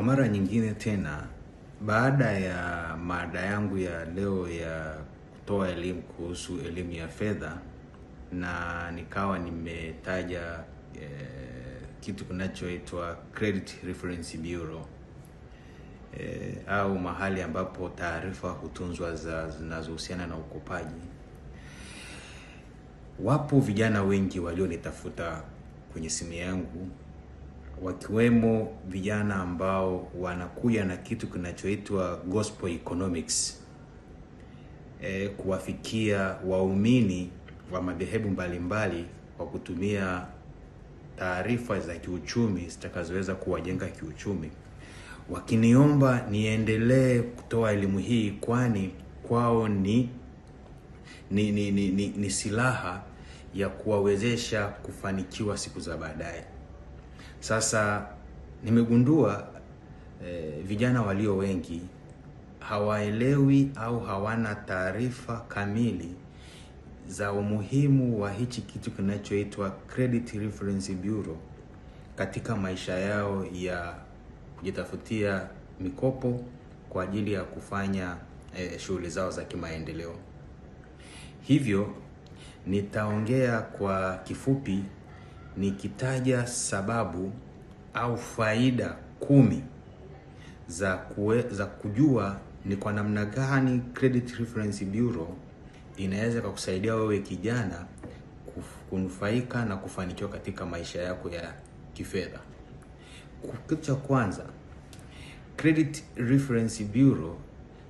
Kwa mara nyingine tena, baada ya mada yangu ya leo ya kutoa elimu kuhusu elimu ya fedha na nikawa nimetaja eh, kitu kinachoitwa Credit Reference Bureau eh, au mahali ambapo taarifa hutunzwa za zinazohusiana na ukopaji. Wapo vijana wengi walionitafuta kwenye simu yangu wakiwemo vijana ambao wanakuja na kitu kinachoitwa gospel economics e, kuwafikia waumini wa madhehebu mbalimbali kwa kutumia taarifa za kiuchumi zitakazoweza kuwajenga kiuchumi. Wakiniomba niendelee kutoa elimu hii, kwani kwao ni ni, ni, ni, ni, ni silaha ya kuwawezesha kufanikiwa siku za baadaye. Sasa nimegundua e, vijana walio wengi hawaelewi au hawana taarifa kamili za umuhimu wa hichi kitu kinachoitwa Credit Reference Bureau katika maisha yao ya kujitafutia mikopo kwa ajili ya kufanya e, shughuli zao za kimaendeleo. Hivyo nitaongea kwa kifupi nikitaja sababu au faida kumi za, kue, za kujua ni kwa namna gani Credit Reference Bureau inaweza kukusaidia wewe kijana kunufaika na kufanikiwa katika maisha yako ya kifedha. Kitu cha kwanza, Credit Reference Bureau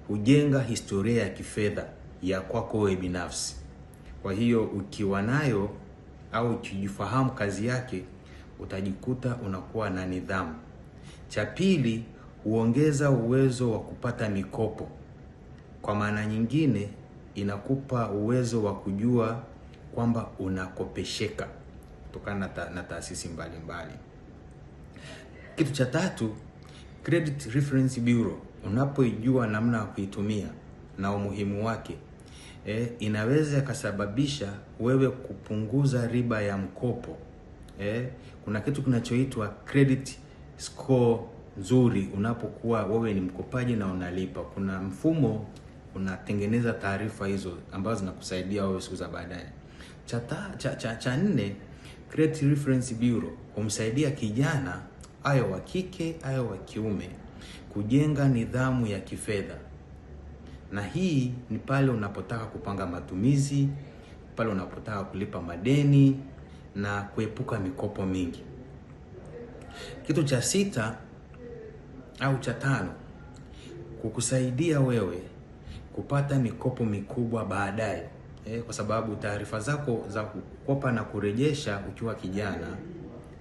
hujenga historia ya kifedha ya kwako wewe binafsi. Kwa hiyo ukiwa nayo au ukijifahamu kazi yake utajikuta unakuwa na nidhamu. Cha pili, huongeza uwezo wa kupata mikopo. Kwa maana nyingine, inakupa uwezo wa kujua kwamba unakopesheka kutokana ta, na taasisi mbalimbali. Kitu cha tatu, Credit Reference Bureau, unapoijua namna ya kuitumia na umuhimu wake eh, inaweza ikasababisha wewe kupunguza riba ya mkopo eh. Kuna kitu kinachoitwa credit score nzuri unapokuwa wewe ni mkopaji na unalipa. Kuna mfumo unatengeneza taarifa hizo ambazo zinakusaidia wewe siku za baadaye. Cha, cha, cha, cha nne, Credit Reference Bureau humsaidia kijana ayo wa kike ayo wa kiume kujenga nidhamu ya kifedha na hii ni pale unapotaka kupanga matumizi, pale unapotaka kulipa madeni na kuepuka mikopo mingi. Kitu cha sita au cha tano, kukusaidia wewe kupata mikopo mikubwa baadaye eh, kwa sababu taarifa zako za kukopa na kurejesha ukiwa kijana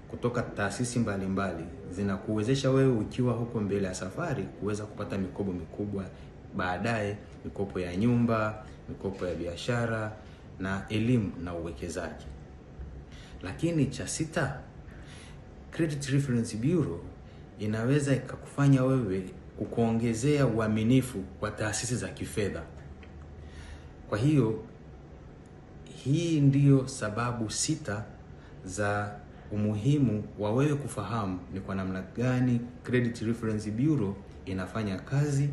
kutoka taasisi mbalimbali zinakuwezesha wewe ukiwa huko mbele ya safari kuweza kupata mikopo mikubwa baadaye, mikopo ya nyumba, mikopo ya biashara na elimu na uwekezaji. Lakini cha sita, Credit Reference Bureau inaweza ikakufanya wewe kukuongezea uaminifu kwa taasisi za kifedha. Kwa hiyo hii ndiyo sababu sita za umuhimu wa wewe kufahamu ni kwa namna gani Credit Reference Bureau inafanya kazi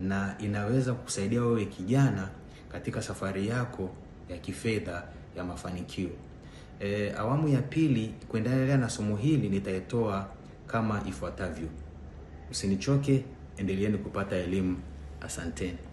na inaweza kukusaidia wewe kijana katika safari yako ya kifedha ya mafanikio. E, awamu ya pili kuendelea na somo hili nitaitoa kama ifuatavyo. Usinichoke, endeleeni kupata elimu. Asanteni.